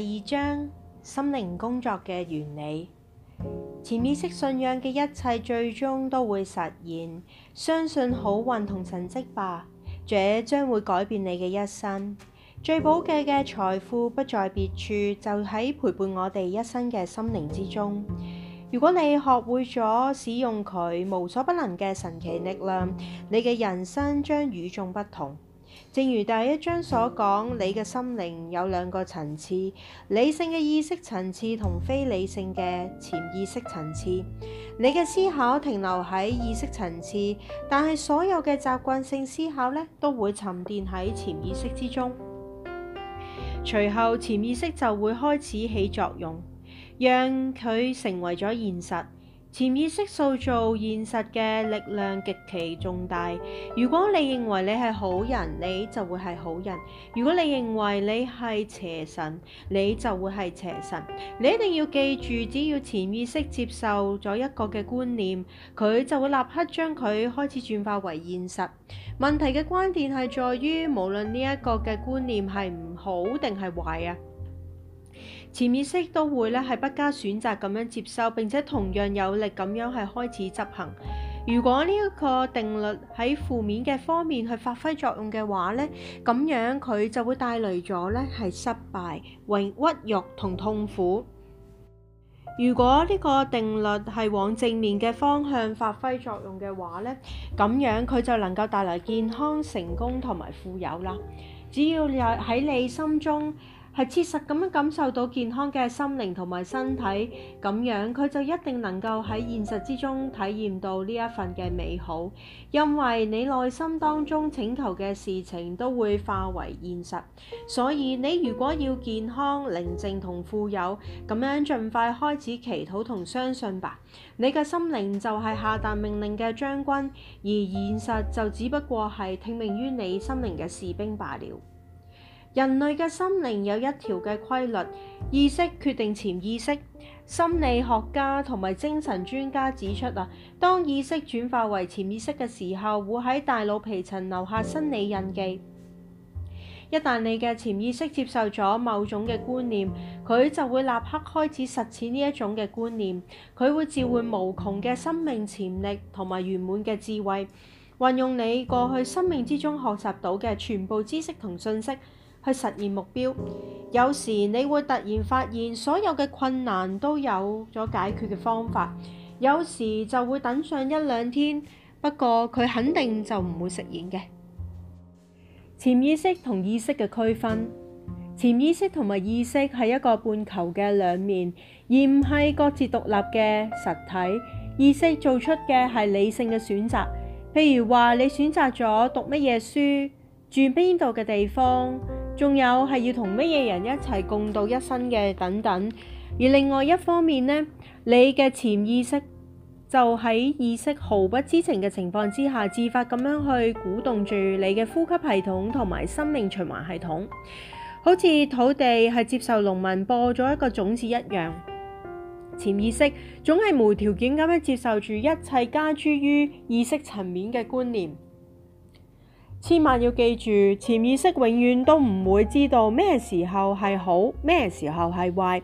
第二章，心靈工作嘅原理，潛意識信仰嘅一切最終都會實現。相信好運同神蹟吧，這將會改變你嘅一生。最寶貴嘅財富不在別處，就喺陪伴我哋一生嘅心靈之中。如果你學會咗使用佢無所不能嘅神奇力量，你嘅人生將與眾不同。正如第一章所講，你嘅心靈有兩個層次：理性嘅意識層次同非理性嘅潛意識層次。你嘅思考停留喺意識層次，但係所有嘅習慣性思考咧都會沉澱喺潛意識之中。隨後，潛意識就會開始起作用，讓佢成為咗現實。潛意識塑造現實嘅力量極其重大。如果你認為你係好人，你就會係好人；如果你認為你係邪神，你就會係邪神。你一定要記住，只要潛意識接受咗一個嘅觀念，佢就會立刻將佢開始轉化為現實。問題嘅關鍵係在於，無論呢一個嘅觀念係唔好定係壞啊。潛意識都會咧係不加選擇咁樣接收，並且同樣有力咁樣係開始執行。如果呢一個定律喺負面嘅方面去發揮作用嘅話咧，咁樣佢就會帶嚟咗咧係失敗、榮屈辱同痛苦。如果呢個定律係往正面嘅方向發揮作用嘅話咧，咁樣佢就能夠帶來健康、成功同埋富有啦。只要你喺你心中，係切實咁樣感受到健康嘅心靈同埋身體咁樣，佢就一定能夠喺現實之中體驗到呢一份嘅美好。因為你內心當中請求嘅事情都會化為現實，所以你如果要健康、寧靜同富有咁樣，盡快開始祈禱同相信吧。你嘅心靈就係下達命令嘅將軍，而現實就只不過係聽命於你心靈嘅士兵罷了。人類嘅心靈有一條嘅規律，意識決定潛意識。心理學家同埋精神專家指出啊，當意識轉化為潛意識嘅時候，會喺大腦皮層留下生理印記。一旦你嘅潛意識接受咗某種嘅觀念，佢就會立刻開始實踐呢一種嘅觀念。佢會召喚無窮嘅生命潛力同埋圓滿嘅智慧，運用你過去生命之中學習到嘅全部知識同信息。去實現目標。有時你會突然發現所有嘅困難都有咗解決嘅方法。有時就會等上一兩天，不過佢肯定就唔會實現嘅。潛意識同意識嘅區分，潛意識同埋意識係一個半球嘅兩面，而唔係各自獨立嘅實體。意識做出嘅係理性嘅選擇，譬如話你選擇咗讀乜嘢書，住邊度嘅地方。仲有係要同乜嘢人一齊共度一生嘅等等，而另外一方面呢，你嘅潛意識就喺意識毫不知情嘅情況之下，自發咁樣去鼓動住你嘅呼吸系統同埋生命循環系統，好似土地係接受農民播咗一個種子一樣，潛意識總係無條件咁樣接受住一切加諸於意識層面嘅觀念。千萬要記住，潛意識永遠都唔會知道咩時候係好，咩時候係壞。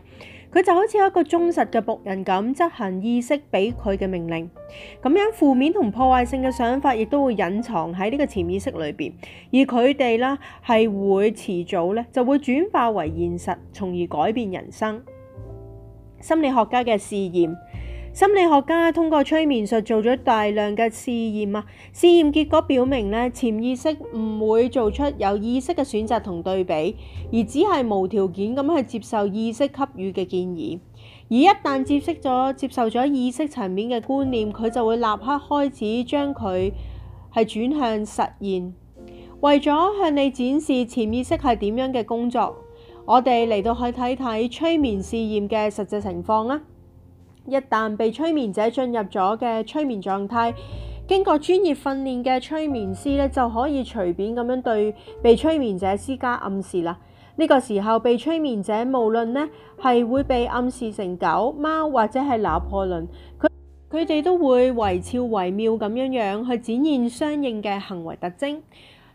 佢就好似一個忠實嘅僕人咁，執行意識俾佢嘅命令。咁樣負面同破壞性嘅想法，亦都會隱藏喺呢個潛意識裏邊，而佢哋啦係會遲早呢就會轉化為現實，從而改變人生。心理學家嘅試驗。心理學家通過催眠術做咗大量嘅試驗啊！試驗結果表明咧，潛意識唔會做出有意識嘅選擇同對比，而只係無條件咁去接受意識給予嘅建議。而一旦接收咗、接受咗意識層面嘅觀念，佢就會立刻開始將佢係轉向實現。為咗向你展示潛意識係點樣嘅工作，我哋嚟到去睇睇催眠試驗嘅實際情況啦。一旦被催眠者進入咗嘅催眠狀態，經過專業訓練嘅催眠師咧，就可以隨便咁樣對被催眠者施加暗示啦。呢個時候，被催眠者無論咧係會被暗示成狗、貓或者係拿破崙，佢佢哋都會惟妙惟肖咁樣樣去展現相應嘅行為特徵。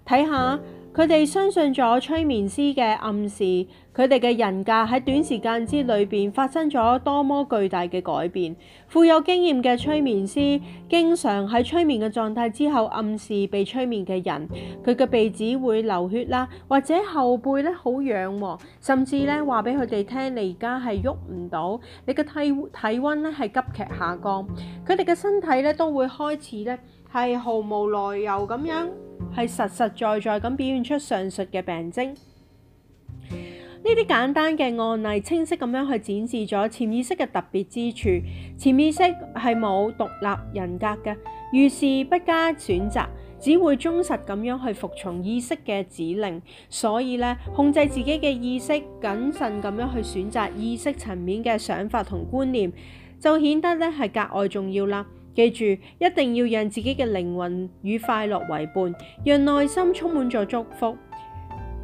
睇下。佢哋相信咗催眠師嘅暗示，佢哋嘅人格喺短時間之裏邊發生咗多麼巨大嘅改變。富有經驗嘅催眠師經常喺催眠嘅狀態之後暗示被催眠嘅人，佢嘅鼻子會流血啦，或者後背咧好癢，甚至咧話俾佢哋聽：你而家係喐唔到，你嘅體體温咧係急劇下降，佢哋嘅身體咧都會開始咧係毫無來由咁樣，係實實在在咁表現出上述嘅病徵。呢啲簡單嘅案例清晰咁樣去展示咗潛意識嘅特別之處。潛意識係冇獨立人格嘅，遇事不加選擇，只會忠實咁樣去服從意識嘅指令。所以咧，控制自己嘅意識，謹慎咁樣去選擇意識層面嘅想法同觀念，就顯得咧係格外重要啦。記住，一定要讓自己嘅靈魂與快樂為伴，讓內心充滿咗祝福、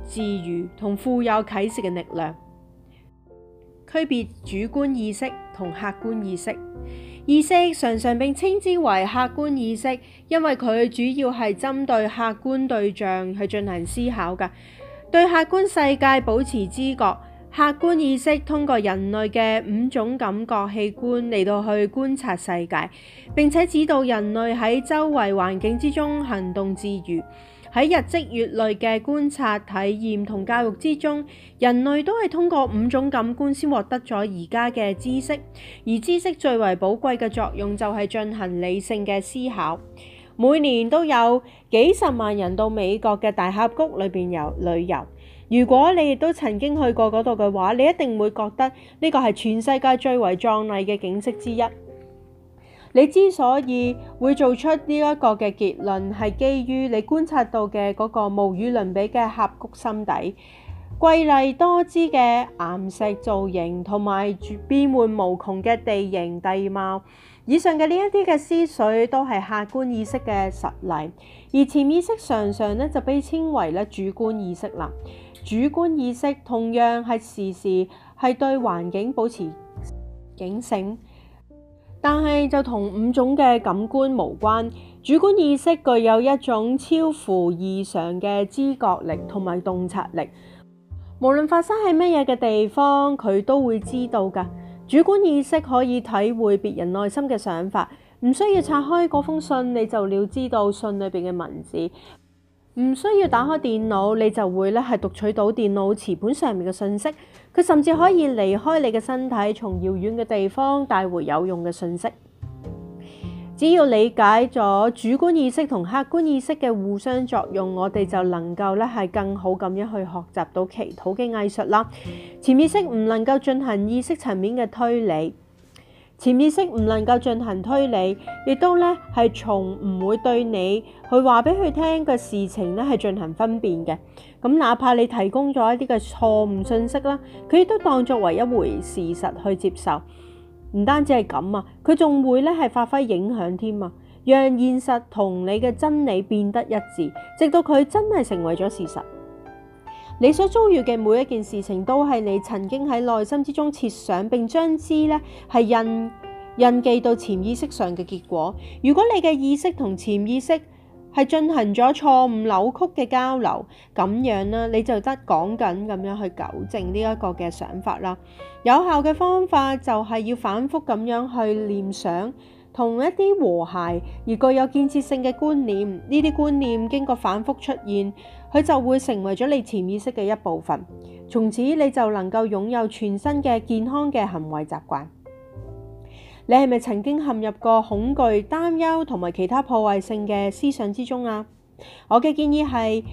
治愈同富有啟示嘅力量。區別主觀意識同客觀意識，意識常常被稱之為客觀意識，因為佢主要係針對客觀對象去進行思考㗎，對客觀世界保持知覺。客觀意識通過人類嘅五種感覺器官嚟到去觀察世界，並且指導人類喺周圍環境之中行動自如。喺日積月累嘅觀察、體驗同教育之中，人類都係通過五種感官先獲得咗而家嘅知識。而知識最為寶貴嘅作用就係進行理性嘅思考。每年都有幾十萬人到美國嘅大峽谷裏邊遊旅遊。如果你亦都曾經去過嗰度嘅話，你一定會覺得呢個係全世界最為壯麗嘅景色之一。你之所以會做出呢一個嘅結論，係基於你觀察到嘅嗰個無與倫比嘅峽谷心底、瑰麗多姿嘅岩石造型，同埋變換無窮嘅地形地貌。以上嘅呢一啲嘅思緒都係客觀意識嘅實例，而潛意識常常呢就被稱為咧主觀意識啦。主觀意識同樣係時時係對環境保持警醒，但係就同五種嘅感官無關。主觀意識具有一種超乎異常嘅知覺力同埋洞察力，無論發生喺乜嘢嘅地方，佢都會知道噶。主觀意識可以體會別人內心嘅想法，唔需要拆開嗰封信，你就了知道信裏邊嘅文字。唔需要打開電腦，你就會咧係讀取到電腦磁盤上面嘅信息。佢甚至可以離開你嘅身體，從遙遠嘅地方帶回有用嘅信息。只要理解咗主觀意識同客觀意識嘅互相作用，我哋就能夠咧係更好咁樣去學習到祈禱嘅藝術啦。潛意識唔能夠進行意識層面嘅推理。潛意識唔能夠進行推理，亦都咧係從唔會對你去話俾佢聽嘅事情咧係進行分辨嘅。咁哪怕你提供咗一啲嘅錯誤信息啦，佢亦都當作為一回事實去接受。唔單止係咁啊，佢仲會咧係發揮影響添啊，讓現實同你嘅真理變得一致，直到佢真係成為咗事實。你所遭遇嘅每一件事情，都係你曾經喺內心之中設想，並將之咧係印印記到潛意識上嘅結果。如果你嘅意識同潛意識係進行咗錯誤扭曲嘅交流，咁樣啦、啊，你就得講緊咁樣去糾正呢一個嘅想法啦。有效嘅方法就係要反覆咁樣去念想，同一啲和諧而具有建設性嘅觀念。呢啲觀念經過反覆出現。佢就會成為咗你潛意識嘅一部分，從此你就能夠擁有全新嘅健康嘅行為習慣。你係咪曾經陷入過恐懼、擔憂同埋其他破壞性嘅思想之中啊？我嘅建議係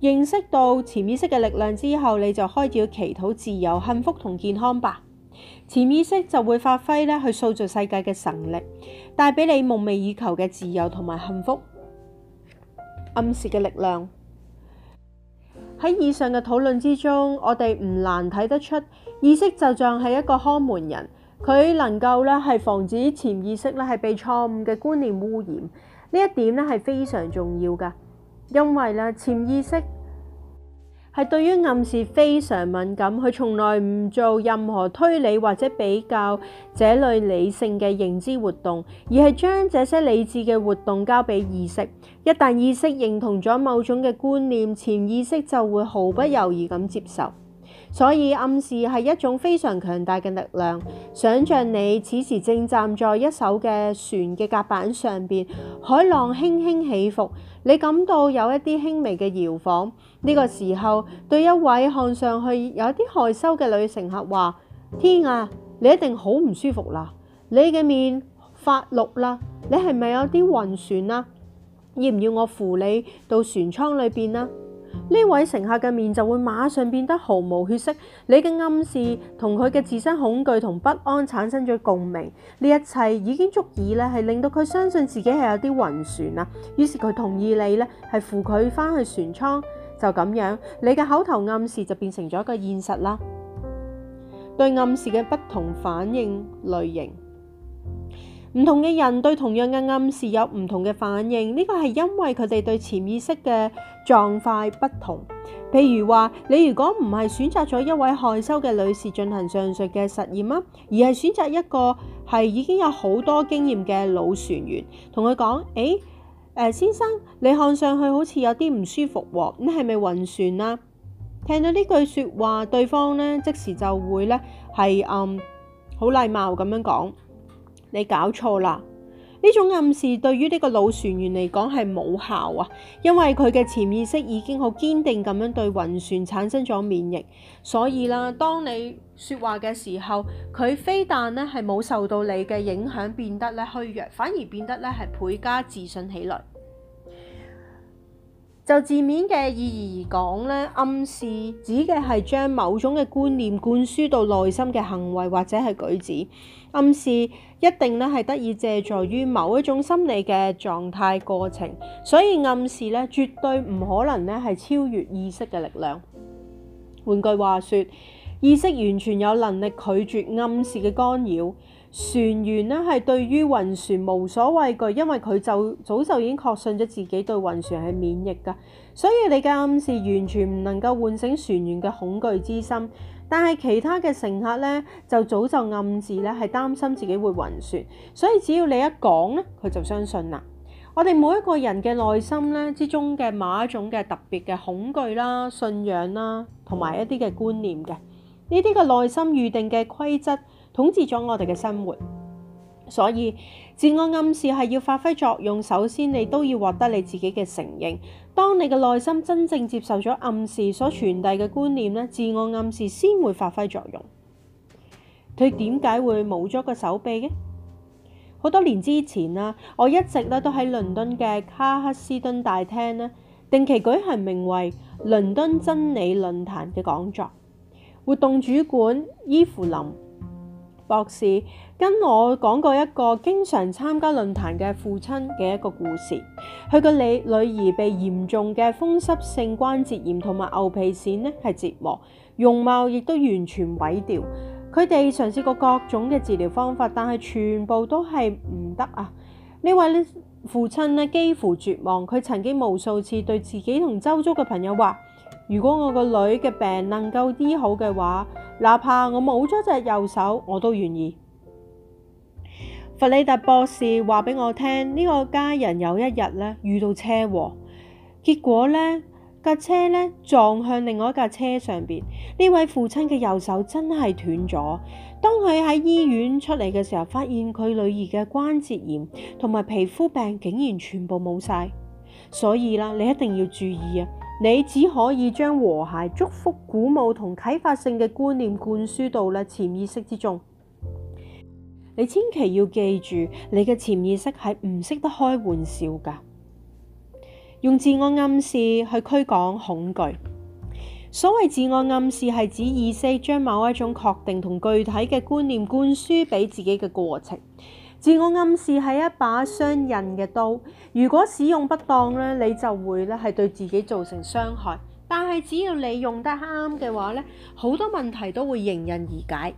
認識到潛意識嘅力量之後，你就開始要祈禱自由、幸福同健康吧。潛意識就會發揮咧去塑造世界嘅神力，帶畀你夢寐以求嘅自由同埋幸福，暗示嘅力量。喺以上嘅討論之中，我哋唔難睇得出意識就像係一個看門人，佢能夠咧係防止潛意識咧係被錯誤嘅觀念污染，呢一點咧係非常重要㗎，因為咧潛意識，係對於暗示非常敏感，佢從來唔做任何推理或者比較，這類理性嘅認知活動，而係將這些理智嘅活動交俾意識。一旦意識認同咗某種嘅觀念，潛意識就會毫不猶豫咁接受。所以暗示係一種非常強大嘅力量。想像你此時正站在一艘嘅船嘅甲板上邊，海浪輕輕起伏，你感到有一啲輕微嘅搖晃。呢個時候，對一位看上去有啲害羞嘅女乘客話：「天啊，你一定好唔舒服啦，你嘅面發綠啦，你係咪有啲暈船啊？要唔要我扶你到船艙裏邊啊？呢位乘客嘅面就會馬上變得毫無血色，你嘅暗示同佢嘅自身恐懼同不安產生咗共鳴，呢一切已經足以咧係令到佢相信自己係有啲暈船啦，於是佢同意你咧係扶佢返去船艙，就咁樣，你嘅口頭暗示就變成咗一個現實啦。對暗示嘅不同反應類型。唔同嘅人對同樣嘅暗示有唔同嘅反應，呢個係因為佢哋對潛意識嘅狀態不同。譬如話，你如果唔係選擇咗一位害羞嘅女士進行上述嘅實驗啊，而係選擇一個係已經有好多經驗嘅老船員，同佢講：，誒，誒，先生，你看上去好似有啲唔舒服喎，你係咪暈船啊？聽到呢句說話，對方呢即時就會呢係嗯好禮貌咁樣講。你搞錯啦！呢種暗示對於呢個老船員嚟講係冇效啊，因為佢嘅潛意識已經好堅定咁樣對暈船產生咗免疫，所以啦，當你說話嘅時候，佢非但咧係冇受到你嘅影響，變得咧虛弱，反而變得咧係倍加自信起來。就字面嘅意義而講咧，暗示指嘅係將某種嘅觀念灌輸到內心嘅行為或者係舉止，暗示一定咧係得以借助於某一種心理嘅狀態過程，所以暗示咧絕對唔可能咧係超越意識嘅力量。換句話說，意識完全有能力拒絕暗示嘅干擾。船員咧係對於暈船無所畏懼，因為佢就早就已經確信咗自己對暈船係免疫㗎，所以你嘅暗示完全唔能夠喚醒船員嘅恐懼之心。但係其他嘅乘客咧就早就暗示咧係擔心自己會暈船，所以只要你一講咧，佢就相信啦。我哋每一個人嘅內心咧之中嘅某一種嘅特別嘅恐懼啦、信仰啦，同埋一啲嘅觀念嘅呢啲嘅內心預定嘅規則，統治咗我哋嘅生活，所以自我暗示係要發揮作用。首先，你都要獲得你自己嘅承認。當你嘅內心真正接受咗暗示所傳遞嘅觀念咧，自我暗示先會發揮作用。佢點解會冇咗個手臂嘅？好多年之前啦，我一直咧都喺倫敦嘅卡克斯頓大廳咧定期舉行，名為《倫敦真理論壇》嘅講座。活動主管伊芙琳博士跟我講過一個經常參加論壇嘅父親嘅一個故事，佢個女女兒被嚴重嘅風濕性關節炎同埋牛皮癬呢係折磨，容貌亦都完全毀掉。佢哋嘗試過各種嘅治療方法，但係全部都係唔得啊！呢位父親呢幾乎絕望，佢曾經無數次對自己同周遭嘅朋友話。如果我個女嘅病能夠醫好嘅話，哪怕我冇咗隻右手，我都願意。弗里達博士話俾我聽，呢個家人有一日咧遇到車禍，結果咧架車咧撞向另外一架車上邊，呢位父親嘅右手真係斷咗。當佢喺醫院出嚟嘅時候，發現佢女兒嘅關節炎同埋皮膚病竟然全部冇晒，所以啦，你一定要注意啊！你只可以將和諧、祝福、鼓舞、同啟發性嘅觀念灌輸到啦潛意識之中。你千祈要記住，你嘅潛意識係唔識得開玩笑噶。用自我暗示去驅趕恐懼。所謂自我暗示，係指意識將某一種確定同具體嘅觀念灌輸俾自己嘅過程。自我暗示係一把雙刃嘅刀，如果使用不當咧，你就會咧係對自己造成傷害。但係只要你用得啱嘅話咧，好多問題都會迎刃而解。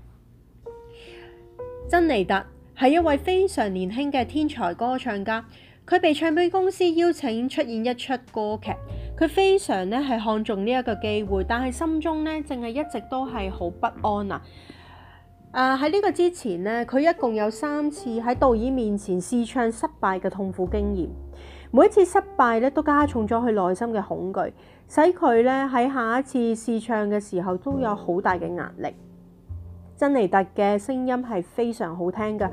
珍妮特係一位非常年輕嘅天才歌唱家，佢被唱片公司邀請出演一出歌劇，佢非常咧係看重呢一個機會，但係心中咧淨係一直都係好不安啊。啊！喺呢、uh, 個之前咧，佢一共有三次喺導演面前試唱失敗嘅痛苦經驗。每一次失敗咧，都加重咗佢內心嘅恐懼，使佢咧喺下一次試唱嘅時候都有好大嘅壓力。珍妮特嘅聲音係非常好聽噶，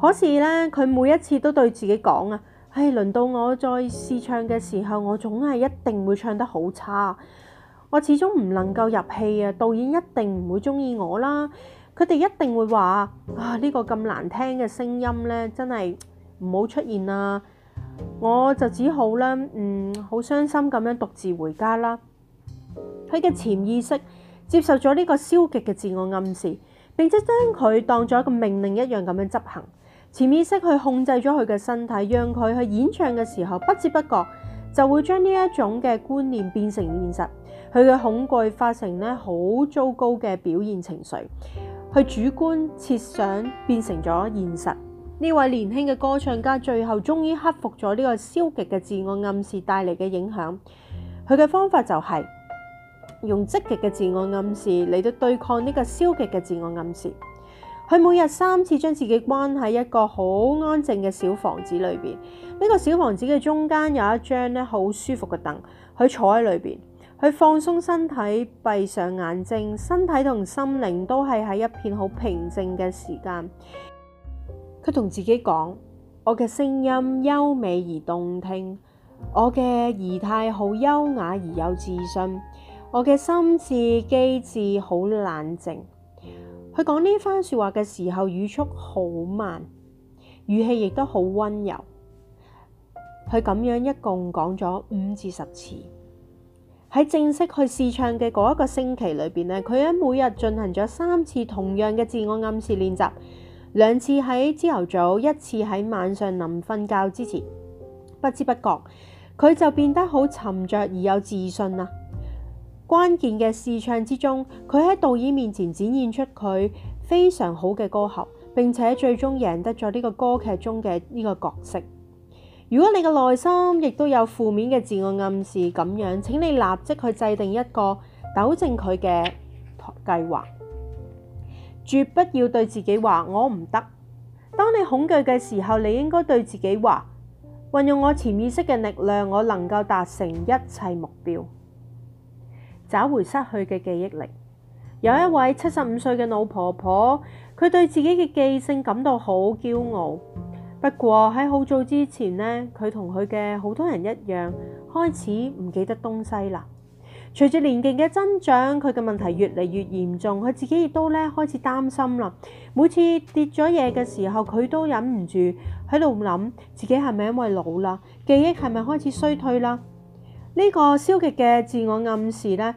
可是咧，佢每一次都對自己講啊：唉，輪到我再試唱嘅時候，我總係一定會唱得好差，我始終唔能夠入戲啊！導演一定唔會中意我啦。佢哋一定會話啊！呢個咁難聽嘅聲音咧，真係唔好出現啦。我就只好啦，嗯，好傷心咁樣獨自回家啦。佢嘅潛意識接受咗呢個消極嘅自我暗示，並且將佢當咗一個命令一樣咁樣執行。潛意識去控制咗佢嘅身體，讓佢去演唱嘅時候，不知不覺就會將呢一種嘅觀念變成現實。佢嘅恐懼化成咧好糟糕嘅表現情緒。佢主觀設想變成咗現實。呢位年輕嘅歌唱家最後終於克服咗呢個消極嘅自我暗示帶嚟嘅影響。佢嘅方法就係用積極嘅自我暗示嚟到對抗呢個消極嘅自我暗示。佢每日三次將自己關喺一個好安靜嘅小房子裏邊。呢個小房子嘅中間有一張咧好舒服嘅凳，佢坐喺裏邊。佢放鬆身體，閉上眼睛，身體同心靈都係喺一片好平靜嘅時間。佢同自己講：「我嘅聲音優美而動聽，我嘅儀態好優雅而有自信，我嘅心智機智好冷靜」。佢講呢番說話嘅時候，語速好慢，語氣亦都好溫柔。佢咁樣一共講咗五至十次。喺正式去試唱嘅嗰一個星期裏邊咧，佢喺每日進行咗三次同樣嘅自我暗示練習，兩次喺朝頭早，一次喺晚上臨瞓覺之前，不知不覺佢就變得好沉着而有自信啦。關鍵嘅試唱之中，佢喺導演面前展現出佢非常好嘅歌喉，並且最終贏得咗呢個歌劇中嘅呢個角色。如果你嘅內心亦都有負面嘅自我暗示咁樣，請你立即去制定一個糾正佢嘅計劃，絕不要對自己話我唔得。當你恐懼嘅時候，你應該對自己話：運用我潛意識嘅力量，我能夠達成一切目標，找回失去嘅記憶力。有一位七十五歲嘅老婆婆，佢對自己嘅記性感到好驕傲。不過喺好早之前呢，佢同佢嘅好多人一樣，開始唔記得東西啦。隨住年紀嘅增長，佢嘅問題越嚟越嚴重，佢自己亦都咧開始擔心啦。每次跌咗嘢嘅時候，佢都忍唔住喺度諗，自己係咪因為老啦，記憶係咪開始衰退啦？呢個消極嘅自我暗示呢，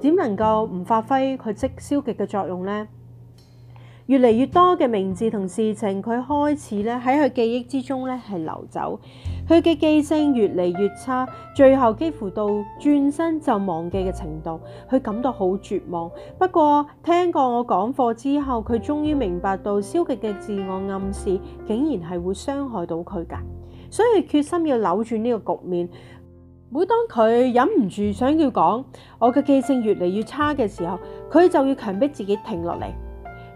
點能夠唔發揮佢即消極嘅作用呢？越嚟越多嘅名字同事情，佢開始咧喺佢記憶之中咧係流走，佢嘅記性越嚟越差，最後幾乎到轉身就忘記嘅程度，佢感到好絕望。不過聽過我講課之後，佢終於明白到消極嘅自我暗示竟然係會傷害到佢噶，所以決心要扭轉呢個局面。每當佢忍唔住想要講我嘅記性越嚟越差嘅時候，佢就要強迫自己停落嚟。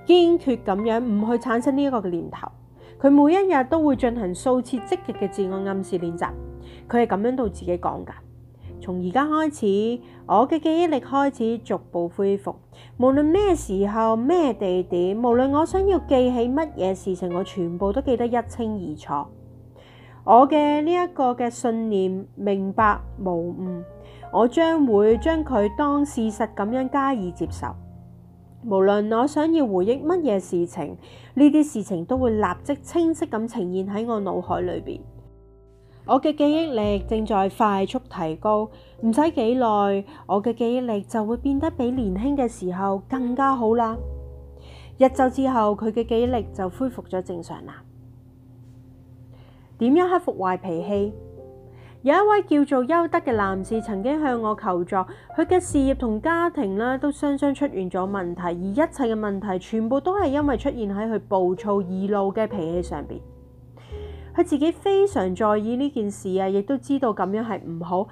堅決咁樣唔去產生呢一個念頭，佢每一日都會進行數次積極嘅自我暗示練習。佢係咁樣對自己講噶。從而家開始，我嘅記憶力開始逐步恢復。無論咩時候、咩地點，無論我想要記起乜嘢事情，我全部都記得一清二楚。我嘅呢一個嘅信念明白無誤，我將會將佢當事實咁樣加以接受。無論我想要回憶乜嘢事情，呢啲事情都會立即清晰咁呈現喺我腦海裏邊。我嘅記憶力正在快速提高，唔使幾耐，我嘅記憶力就會變得比年輕嘅時候更加好啦。一周之後，佢嘅記憶力就恢復咗正常啦。點樣克服壞脾氣？有一位叫做優德嘅男士，曾經向我求助。佢嘅事業同家庭咧都雙雙出現咗問題，而一切嘅問題全部都係因為出現喺佢暴躁易怒嘅脾氣上邊。佢自己非常在意呢件事啊，亦都知道咁樣係唔好。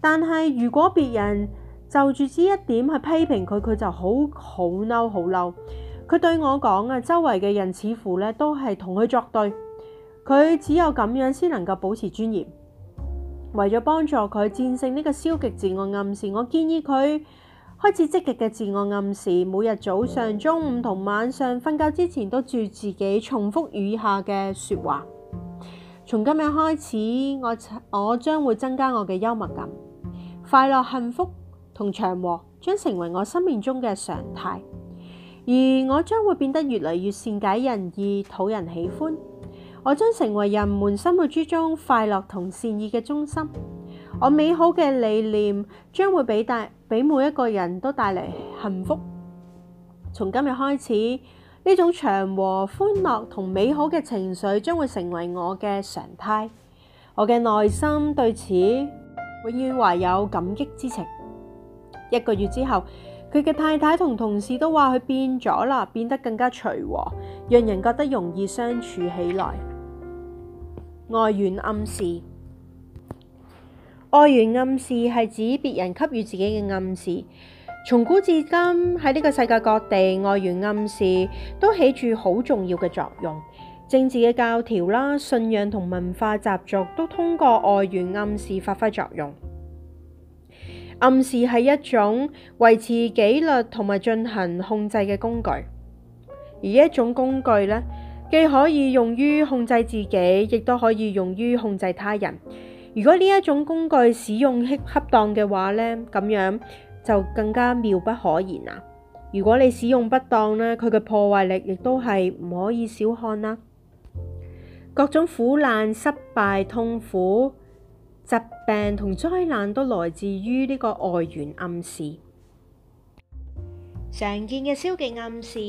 但係如果別人就住呢一點去批評佢，佢就好好嬲好嬲。佢對我講啊，周圍嘅人似乎咧都係同佢作對，佢只有咁樣先能夠保持尊嚴。為咗幫助佢戰勝呢個消極自我暗示，我建議佢開始積極嘅自我暗示。每日早上、中午同晚上瞓覺之前，都住自己重複以下嘅説話：從今日開始，我我將會增加我嘅幽默感，快樂、幸福同祥和將成為我生命中嘅常態，而我將會變得越嚟越善解人意，討人喜歡。我將成為人們心目之中快樂同善意嘅中心。我美好嘅理念將會俾帶俾每一個人都帶嚟幸福。從今日開始，呢種祥和、歡樂同美好嘅情緒將會成為我嘅常態。我嘅內心對此永遠懷有感激之情。一個月之後，佢嘅太太同同事都話佢變咗啦，變得更加隨和，讓人覺得容易相處起來。外源暗示，外源暗示係指別人給予自己嘅暗示。從古至今，喺呢個世界各地，外源暗示都起住好重要嘅作用。政治嘅教條啦、信仰同文化習俗都通過外源暗示發揮作用。暗示係一種維持紀律同埋進行控制嘅工具，而一種工具咧，既可以用於控制自己，亦都可以用於控制他人。如果呢一種工具使用恰當嘅話咧，咁樣就更加妙不可言啦。如果你使用不當咧，佢嘅破壞力亦都係唔可以小看啦。各種苦難、失敗、痛苦、疾病同災難都來自於呢個外源暗示。常見嘅消極暗示。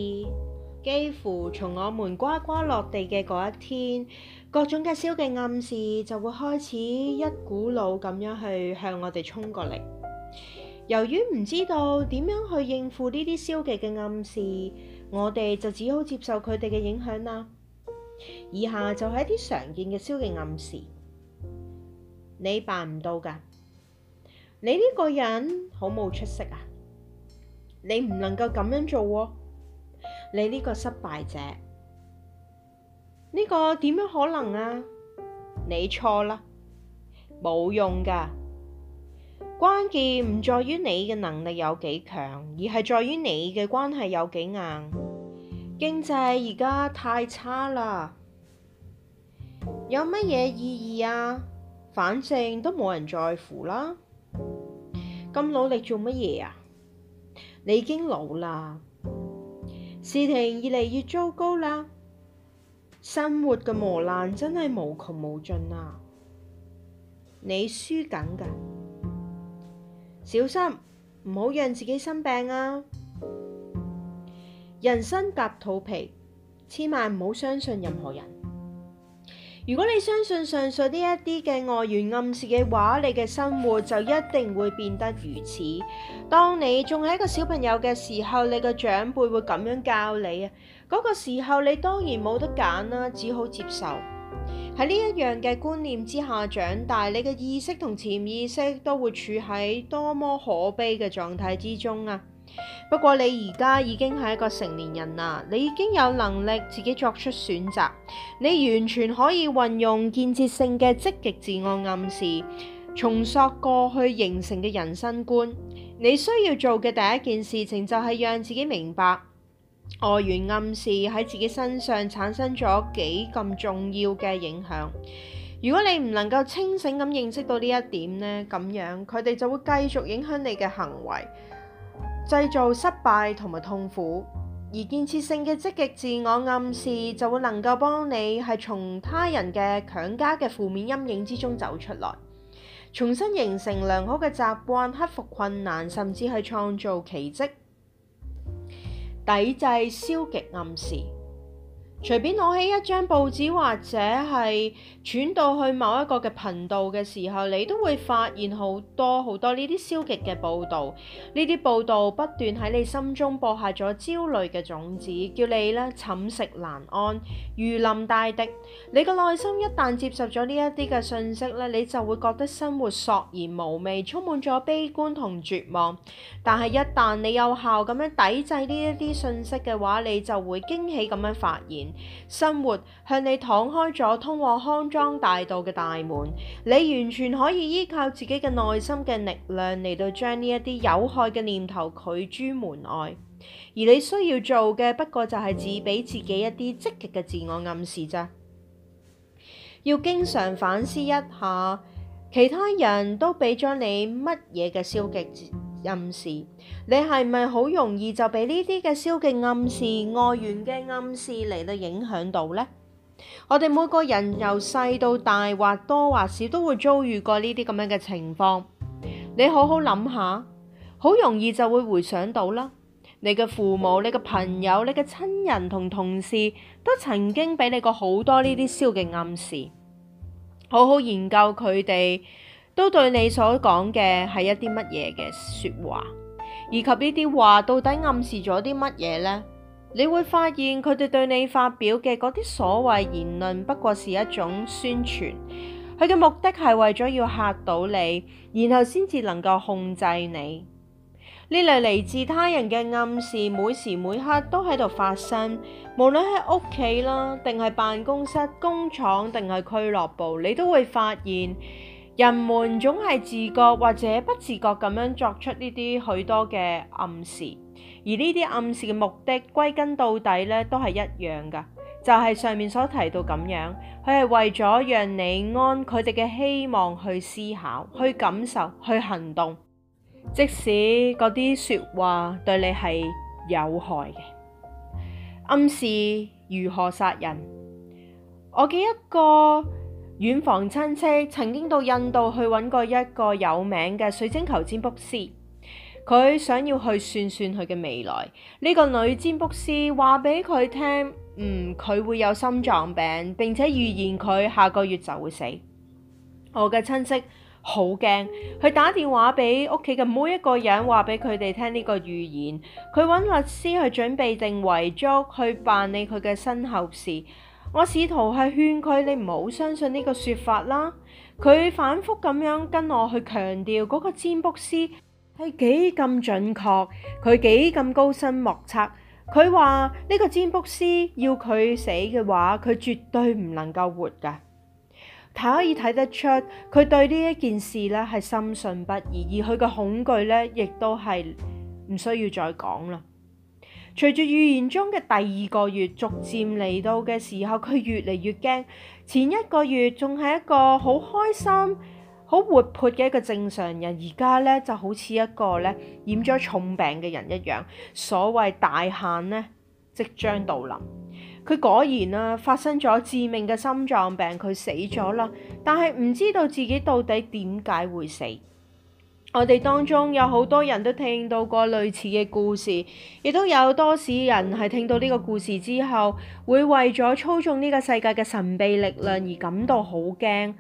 幾乎從我們呱呱落地嘅嗰一天，各種嘅消極暗示就會開始一股腦咁樣去向我哋衝過嚟。由於唔知道點樣去應付呢啲消極嘅暗示，我哋就只好接受佢哋嘅影響啦。以下就係一啲常見嘅消極暗示，你辦唔到㗎，你呢個人好冇出息啊，你唔能夠咁樣做啊。你呢個失敗者，呢個點樣可能啊？你錯啦，冇用噶。關鍵唔在於你嘅能力有幾強，而係在於你嘅關係有幾硬。經濟而家太差啦，有乜嘢意義啊？反正都冇人在乎啦，咁努力做乜嘢啊？你已經老啦。事情越嚟越糟糕啦，生活嘅磨難真係無窮無盡啊！你輸緊㗎，小心，唔好讓自己生病啊！人生夾肚皮，千萬唔好相信任何人。如果你相信上述呢一啲嘅外源暗示嘅話，你嘅生活就一定會變得如此。當你仲係一個小朋友嘅時候，你嘅長輩會咁樣教你啊，嗰個時候你當然冇得揀啦，只好接受。喺呢一樣嘅觀念之下長大，你嘅意識同潛意識都會處喺多麼可悲嘅狀態之中啊！不過你而家已經係一個成年人啦，你已經有能力自己作出選擇，你完全可以運用建設性嘅積極自我暗示，重塑過去形成嘅人生觀。你需要做嘅第一件事情就係讓自己明白外源暗示喺自己身上產生咗幾咁重要嘅影響。如果你唔能夠清醒咁認識到呢一點呢，咁樣佢哋就會繼續影響你嘅行為。製造失敗同埋痛苦，而建設性嘅積極自我暗示就會能夠幫你喺從他人嘅強加嘅負面陰影之中走出來，重新形成良好嘅習慣，克服困難，甚至係創造奇跡，抵制消極暗示。隨便攞起一張報紙，或者係轉到去某一個嘅頻道嘅時候，你都會發現好多好多呢啲消極嘅報道。呢啲報道不斷喺你心中播下咗焦慮嘅種子，叫你呢，寢食難安、如臨大敵。你個內心一旦接受咗呢一啲嘅信息呢，你就會覺得生活索然無味，充滿咗悲觀同絕望。但係一旦你有效咁樣抵制呢一啲信息嘅話，你就會驚喜咁樣發現。生活向你敞開咗通往康莊大道嘅大門，你完全可以依靠自己嘅內心嘅力量嚟到將呢一啲有害嘅念頭拒諸門外。而你需要做嘅不過就係只俾自己一啲積極嘅自我暗示啫。要經常反思一下，其他人都俾咗你乜嘢嘅消極暗示。你係咪好容易就俾呢啲嘅消極暗示、外源嘅暗示嚟到影響到呢？我哋每個人由細到大，或多或少都會遭遇過呢啲咁樣嘅情況。你好好諗下，好容易就會回想到啦。你嘅父母、你嘅朋友、你嘅親人同同事都曾經俾你過好多呢啲消極暗示。好好研究佢哋，都對你所講嘅係一啲乜嘢嘅説話。以及呢啲話到底暗示咗啲乜嘢呢？你會發現佢哋對你發表嘅嗰啲所謂言論，不過是一種宣傳，佢嘅目的係為咗要吓到你，然後先至能夠控制你。呢類嚟自他人嘅暗示，每時每刻都喺度發生，無論喺屋企啦，定係辦公室、工廠，定係俱樂部，你都會發現。人們總係自覺或者不自覺咁樣作出呢啲許多嘅暗示，而呢啲暗示嘅目的歸根到底咧，都係一樣嘅，就係上面所提到咁樣，佢係為咗讓你按佢哋嘅希望去思考、去感受、去行動，即使嗰啲説話對你係有害嘅。暗示如何殺人？我嘅一個。遠房親戚曾經到印度去揾過一個有名嘅水晶球占卜師，佢想要去算算佢嘅未來。呢個女占卜師話俾佢聽，嗯，佢會有心臟病，並且預言佢下個月就會死。我嘅親戚好驚，佢打電話俾屋企嘅每一個人，話俾佢哋聽呢個預言。佢揾律師去準備定遺囑，去辦理佢嘅身後事。我試圖係勸佢，你唔好相信呢個說法啦。佢反覆咁樣跟我去強調嗰個占卜師係幾咁準確，佢幾咁高深莫測。佢話呢個占卜師要佢死嘅話，佢絕對唔能夠活噶。睇可以睇得出，佢對呢一件事咧係深信不疑，而佢嘅恐懼咧亦都係唔需要再講啦。隨住預言中嘅第二個月逐漸嚟到嘅時候，佢越嚟越驚。前一個月仲係一個好開心、好活潑嘅一個正常人，而家咧就好似一個咧染咗重病嘅人一樣。所謂大限呢，即將到臨。佢果然啦、啊、發生咗致命嘅心臟病，佢死咗啦。但係唔知道自己到底點解會死。我哋當中有好多人都聽到過類似嘅故事，亦都有多少人係聽到呢個故事之後，會為咗操縱呢個世界嘅神秘力量而感到好驚。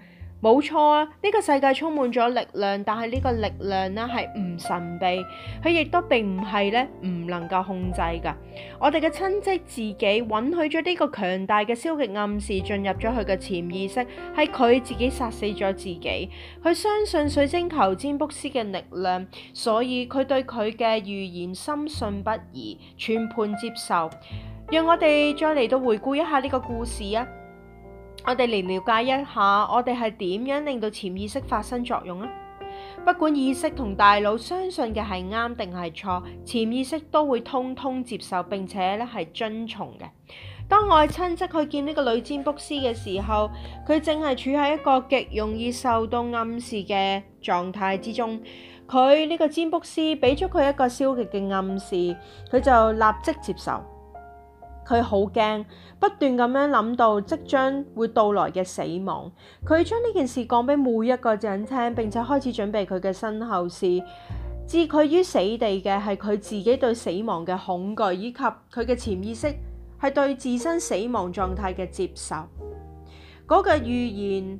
冇錯啊！呢個世界充滿咗力量，但係呢個力量呢，係唔神秘，佢亦都並唔係呢，唔能夠控制噶。我哋嘅親戚自己允許咗呢個強大嘅消極暗示進入咗佢嘅潛意識，係佢自己殺死咗自己。佢相信水晶球占卜師嘅力量，所以佢對佢嘅預言深信不疑，全盤接受。讓我哋再嚟到回顧一下呢個故事啊！我哋嚟了解一下，我哋係點樣令到潛意識發生作用啊？不管意識同大腦相信嘅係啱定係錯，潛意識都會通通接受，並且咧係遵從嘅。當我親戚去見呢個女占卜師嘅時候，佢正係處喺一個極容易受到暗示嘅狀態之中。佢呢個占卜師俾咗佢一個消極嘅暗示，佢就立即接受。佢好驚，不斷咁樣諗到即將會到來嘅死亡。佢將呢件事講俾每一個人都聽，並且開始準備佢嘅身後事。置佢於死地嘅係佢自己對死亡嘅恐懼，以及佢嘅潛意識係對自身死亡狀態嘅接受。嗰個預言，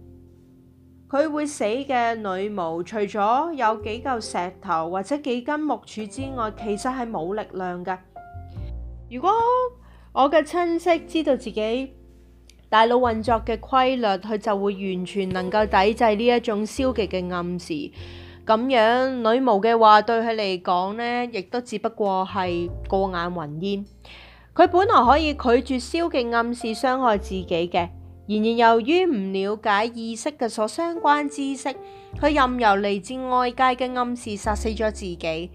佢會死嘅女巫，除咗有幾嚿石頭或者幾根木柱之外，其實係冇力量嘅。如果我嘅親戚知道自己大腦運作嘅規律，佢就會完全能夠抵制呢一種消極嘅暗示。咁樣女巫嘅話對佢嚟講呢，亦都只不過係過眼雲煙。佢本來可以拒絕消極暗示傷害自己嘅，然而由於唔了解意識嘅所相關知識，佢任由嚟自外界嘅暗示殺死咗自己。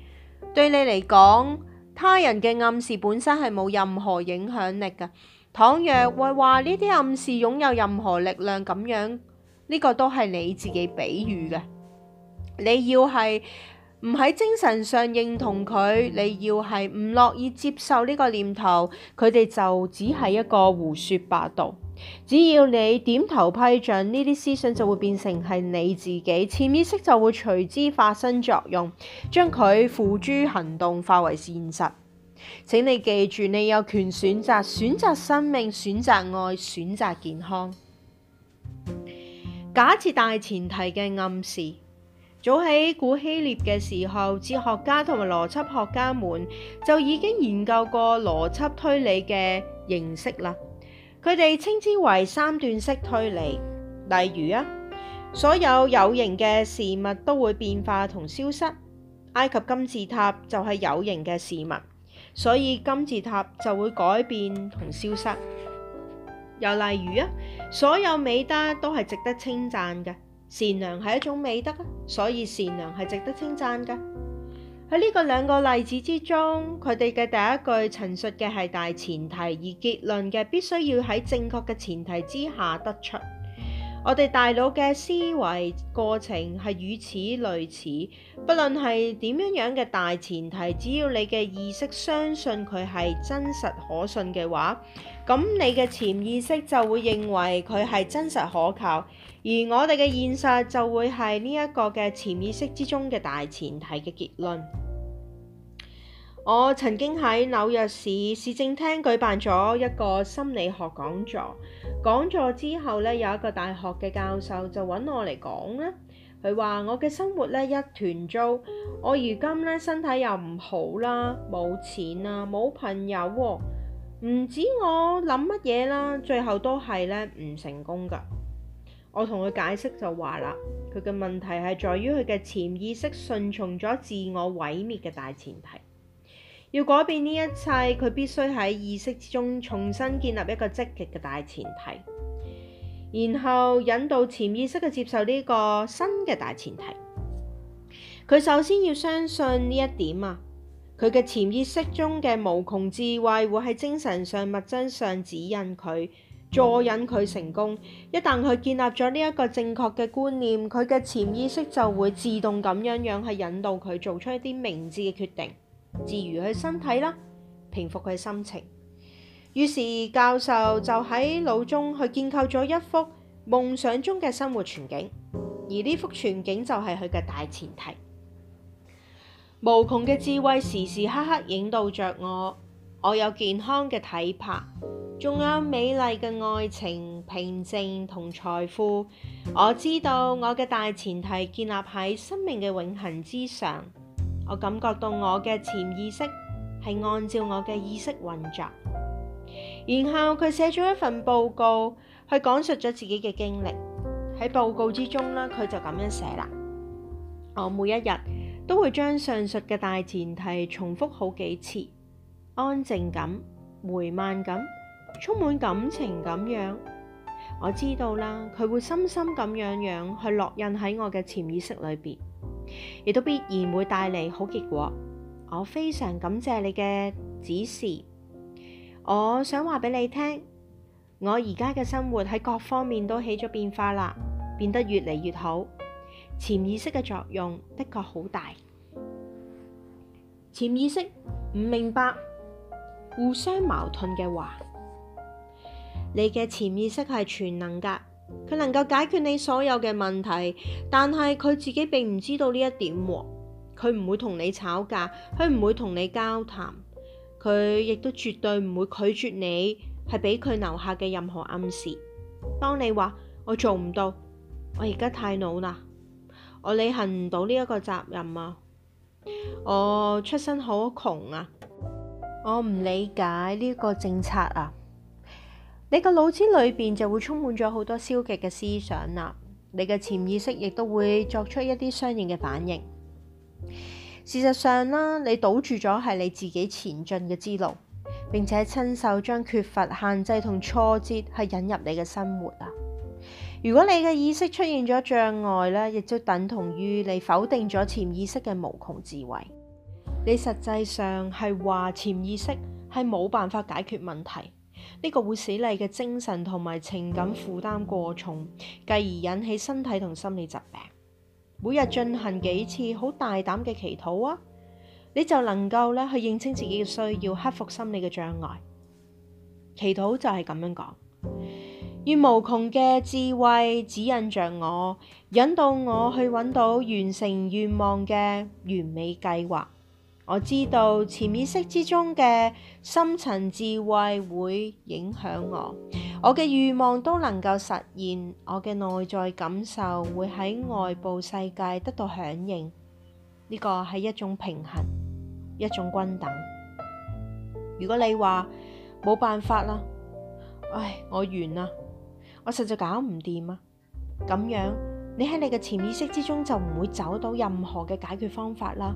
對你嚟講，他人嘅暗示本身係冇任何影響力嘅。倘若會話呢啲暗示擁有任何力量咁樣，呢個都係你自己比喻嘅。你要係唔喺精神上認同佢，你要係唔樂意接受呢個念頭，佢哋就只係一個胡說八道。只要你點頭批准，呢啲思想就會變成係你自己，潛意識就會隨之發生作用，將佢付諸行動化為現實。請你記住，你有權選擇，選擇生命，選擇愛，選擇健康。假設大前提嘅暗示，早喺古希臘嘅時候，哲學家同埋邏輯學家們就已經研究過邏輯推理嘅形式啦。佢哋稱之為三段式推理，例如啊，所有有形嘅事物都會變化同消失，埃及金字塔就係有形嘅事物，所以金字塔就會改變同消失。又例如啊，所有美德都係值得稱讚嘅，善良係一種美德啊，所以善良係值得稱讚嘅。喺呢個兩個例子之中，佢哋嘅第一句陳述嘅係大前提，而結論嘅必須要喺正確嘅前提之下得出。我哋大腦嘅思維過程係與此類似，不論係點樣樣嘅大前提，只要你嘅意識相信佢係真實可信嘅話，咁你嘅潛意識就會認為佢係真實可靠，而我哋嘅現實就會係呢一個嘅潛意識之中嘅大前提嘅結論。我曾經喺紐約市市政廳舉辦咗一個心理學講座。講座之後呢，有一個大學嘅教授，就揾我嚟講咧。佢話我嘅生活呢，一團糟，我如今呢，身體又唔好啦，冇錢啦，冇朋友，唔止我諗乜嘢啦，最後都係呢唔成功噶。我同佢解釋就話啦，佢嘅問題係在於佢嘅潛意識順從咗自我毀滅嘅大前提。要改變呢一切，佢必須喺意識之中重新建立一個積極嘅大前提，然後引導潛意識嘅接受呢個新嘅大前提。佢首先要相信呢一點啊，佢嘅潛意識中嘅無窮智慧會喺精神上、物質上指引佢，助引佢成功。一旦佢建立咗呢一個正確嘅觀念，佢嘅潛意識就會自動咁樣樣去引導佢做出一啲明智嘅決定。治癒佢身體啦，平復佢心情。於是教授就喺腦中去建構咗一幅夢想中嘅生活全景，而呢幅全景就係佢嘅大前提。無窮嘅智慧時時刻刻引導着我，我有健康嘅體魄，仲有美麗嘅愛情、平靜同財富。我知道我嘅大前提建立喺生命嘅永恒之上。我感覺到我嘅潛意識係按照我嘅意識運作，然後佢寫咗一份報告去講述咗自己嘅經歷。喺報告之中呢，佢就咁樣寫啦。我每一日都會將上述嘅大前提重複好幾次，安靜咁、緩慢咁、充滿感情咁樣。我知道啦，佢會深深咁樣樣去烙印喺我嘅潛意識裏邊。亦都必然會帶嚟好結果。我非常感謝你嘅指示。我想話俾你聽，我而家嘅生活喺各方面都起咗變化啦，變得越嚟越好。潛意識嘅作用的確好大。潛意識唔明白互相矛盾嘅話，你嘅潛意識係全能噶。佢能夠解決你所有嘅問題，但係佢自己並唔知道呢一點。佢唔會同你吵架，佢唔會同你交談，佢亦都絕對唔會拒絕你係俾佢留下嘅任何暗示。當你話我做唔到，我而家太老啦，我履行唔到呢一個責任啊，我出身好窮啊，我唔理解呢個政策啊。你個腦子裏邊就會充滿咗好多消極嘅思想啦，你嘅潛意識亦都會作出一啲相應嘅反應。事實上啦，你堵住咗係你自己前進嘅之路，並且親手將缺乏、限制同挫折係引入你嘅生活啊！如果你嘅意識出現咗障礙咧，亦都等同於你否定咗潛意識嘅無窮智慧。你實際上係話潛意識係冇辦法解決問題。呢個會使你嘅精神同埋情感負擔過重，繼而引起身體同心理疾病。每日進行幾次好大膽嘅祈禱啊，你就能夠咧去認清自己嘅需要，克服心理嘅障礙。祈禱就係咁樣講，願無窮嘅智慧指引着我，引導我去揾到完成願望嘅完美計劃。我知道潛意識之中嘅深層智慧會影響我，我嘅慾望都能夠實現，我嘅內在感受會喺外部世界得到響應。呢個係一種平衡，一種均等。如果你話冇辦法啦，唉，我完啦，我實在搞唔掂啊，咁樣你喺你嘅潛意識之中就唔會找到任何嘅解決方法啦。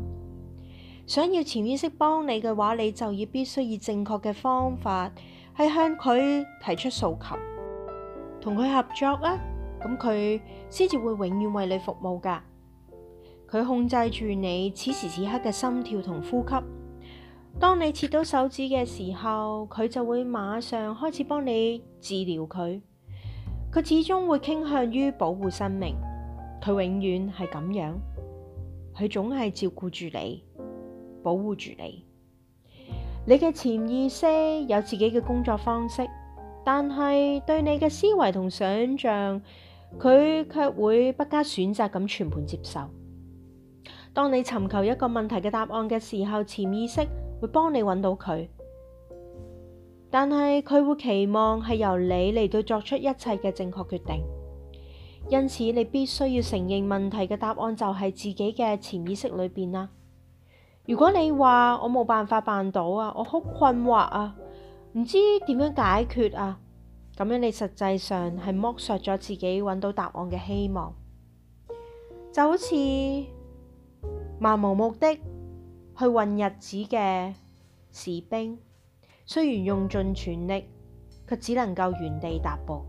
想要潛意識幫你嘅話，你就要必須以正確嘅方法，係向佢提出訴求，同佢合作啊。咁佢先至會永遠為你服務噶。佢控制住你此時此刻嘅心跳同呼吸。當你切到手指嘅時候，佢就會馬上開始幫你治療佢。佢始終會傾向於保護生命，佢永遠係咁樣，佢總係照顧住你。保護住你，你嘅潛意識有自己嘅工作方式，但係對你嘅思維同想象，佢卻會不加選擇咁全盤接受。當你尋求一個問題嘅答案嘅時候，潛意識會幫你揾到佢，但係佢會期望係由你嚟到作出一切嘅正確決定。因此，你必須要承認問題嘅答案就係自己嘅潛意識裏邊啦。如果你話我冇辦法辦到啊，我好困惑啊，唔知點樣解決啊，咁樣你實際上係剝削咗自己揾到答案嘅希望，就好似漫無目的去混日子嘅士兵，雖然用盡全力，卻只能夠原地踏步。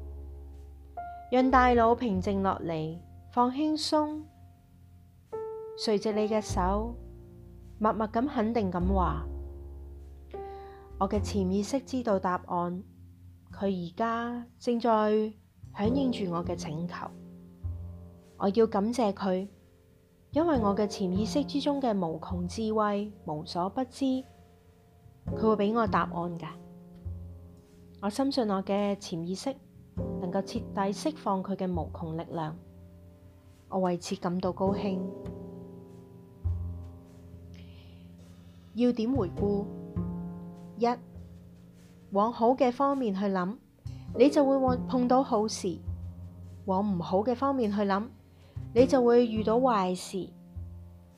讓大腦平靜落嚟，放輕鬆，垂直你嘅手。默默咁肯定咁話，我嘅潛意識知道答案，佢而家正在響應住我嘅請求。我要感謝佢，因為我嘅潛意識之中嘅無窮智慧無所不知，佢會俾我答案㗎。我深信我嘅潛意識能夠徹底釋放佢嘅無窮力量，我為此感到高興。要點回顧：一，往好嘅方面去諗，你就會往碰到好事；往唔好嘅方面去諗，你就會遇到壞事。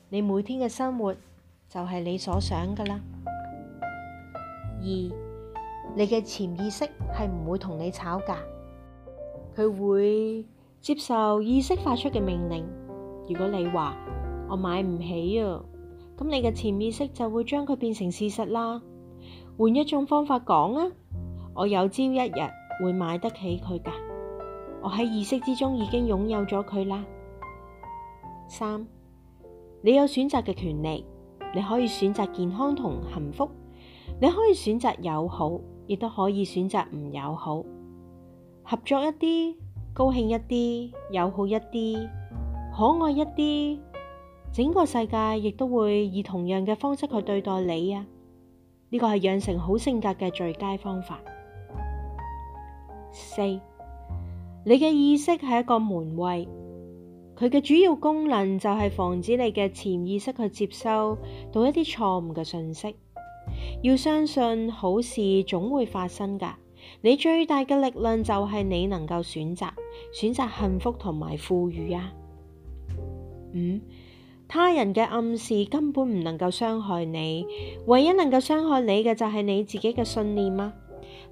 你每天嘅生活就係你所想㗎喇。二，你嘅潛意識係唔會同你吵架，佢會接受意識發出嘅命令。如果你話我買唔起啊！咁你嘅潛意識就會將佢變成事實啦。換一種方法講啊，我有朝一日會買得起佢噶。我喺意識之中已經擁有咗佢啦。三，你有選擇嘅權利，你可以選擇健康同幸福，你可以選擇友好，亦都可以選擇唔友好，合作一啲，高興一啲，友好一啲，可愛一啲。整個世界亦都會以同樣嘅方式去對待你啊！呢個係養成好性格嘅最佳方法。四，你嘅意識係一個門衛，佢嘅主要功能就係防止你嘅潛意識去接收到一啲錯誤嘅信息。要相信好事總會發生噶，你最大嘅力量就係你能夠選擇選擇幸福同埋富裕啊！五、嗯。他人嘅暗示根本唔能夠傷害你，唯一能夠傷害你嘅就係你自己嘅信念啊！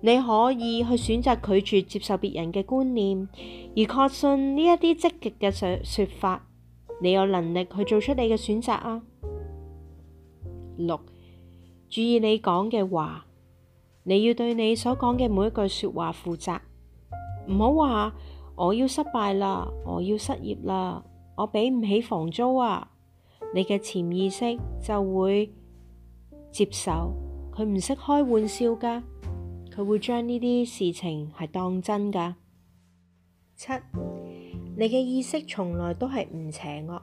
你可以去選擇拒絕接受別人嘅觀念，而確信呢一啲積極嘅說說法，你有能力去做出你嘅選擇啊！六，注意你講嘅話，你要對你所講嘅每一句說話負責，唔好話我要失敗啦，我要失業啦，我俾唔起房租啊！你嘅潛意識就會接受，佢唔識開玩笑噶，佢會將呢啲事情係當真噶。七，你嘅意識從來都係唔邪惡，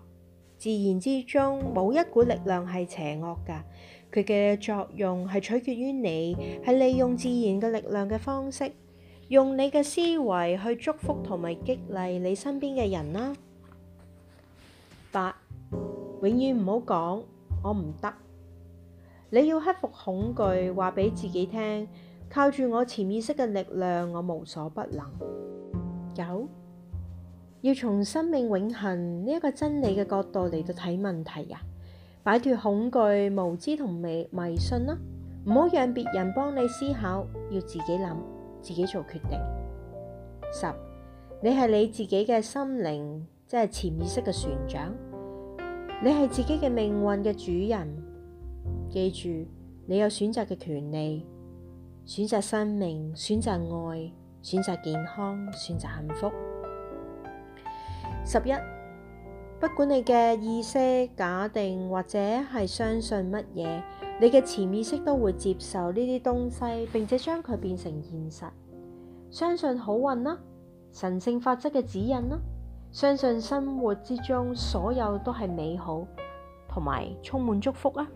自然之中冇一股力量係邪惡噶，佢嘅作用係取決於你，係利用自然嘅力量嘅方式，用你嘅思維去祝福同埋激勵你身邊嘅人啦。八。永遠唔好講我唔得，你要克服恐懼，話俾自己聽，靠住我潛意識嘅力量，我無所不能。九，要從生命永恒呢一個真理嘅角度嚟到睇問題啊，擺脫恐懼、無知同迷迷信啦，唔好讓別人幫你思考，要自己諗，自己做決定。十，你係你自己嘅心靈，即係潛意識嘅船長。你係自己嘅命運嘅主人，記住，你有選擇嘅權利，選擇生命，選擇愛，選擇健康，選擇幸福。十一，不管你嘅意識假定或者係相信乜嘢，你嘅潛意識都會接受呢啲東西，並且將佢變成現實。相信好運啦、啊，神聖法則嘅指引啦、啊。相信生活之中所有都係美好，同埋充滿祝福啊。